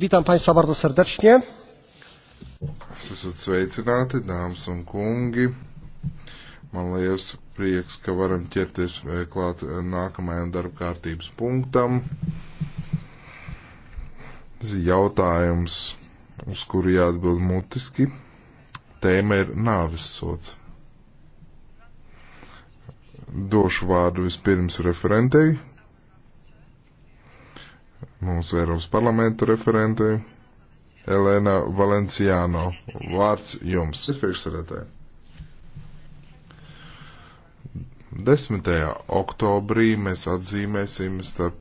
Witam Państwa bardzo serdecznie. Esat sveicināti, dāmas un kungi. Man liels prieks, ka varam ķerties eh, klāt eh, nākamajam darba kārtības punktam. Jautājums, uz kuru jāatbild mutiski. Tēma ir nāvis sots. Došu vārdu vispirms referentei, mūsu Eiropas parlamenta referentei Elēna Valenciāno. Vārds jums. Priekšsēdētāji. 10. oktobrī mēs atzīmēsim starp